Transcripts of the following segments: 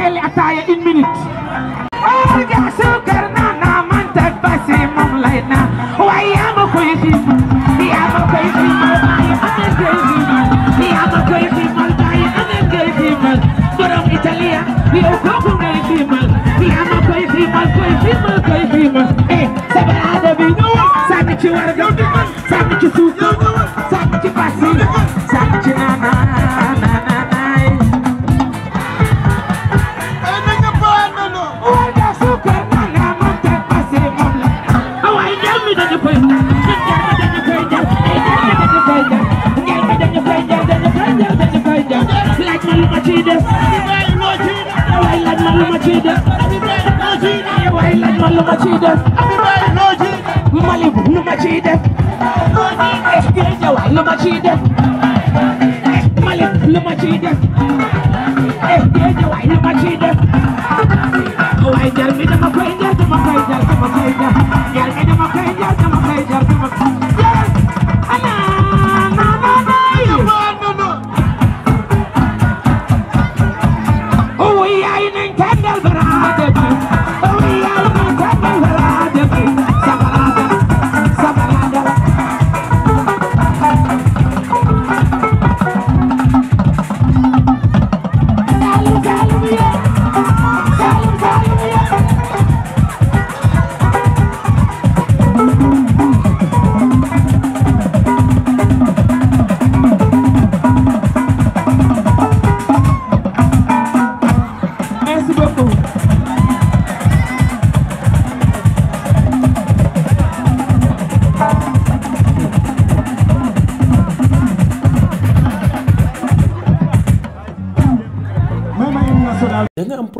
xelli ataaya une minute oo oh, ja suukar naan naa man tak basi moom lay naan waaye yaa ma koy xiimal yaa ma koy xiimal bàyyi amee koy xiimal yaa ma koy xiimal bàyyi amee koy xiimal borom italien yow kooku ngay xiimal yaa ma koy xiimal koy xiimal koy xiimal eh sabaraada bi ñëwal sànni ci warga sànni ci suuf ciy def waaye laaj ma lu ma ciy lu ma ciy lu ma ciy def Malibu lu ma ciy lu ma ciy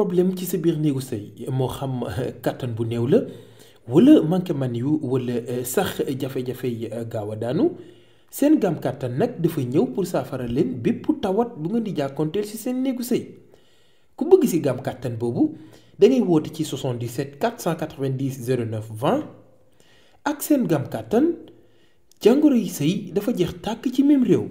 problème ci sa biir néegu sëy moo xam le euh, bu néew la wala manqué man yu wala euh, sax jafe-jafe yi euh, gaaw a daanu seen gam kàttan nag dafa ñëw pour saafara leen bépp tawat bu ngeen di si ci seen néegu sëy ku bëgg ci gam katan boobu da ngay woote ci 77 490 09 20 ak seen gam katan. jàngoro yi sëy dafa jeex tàkk ci même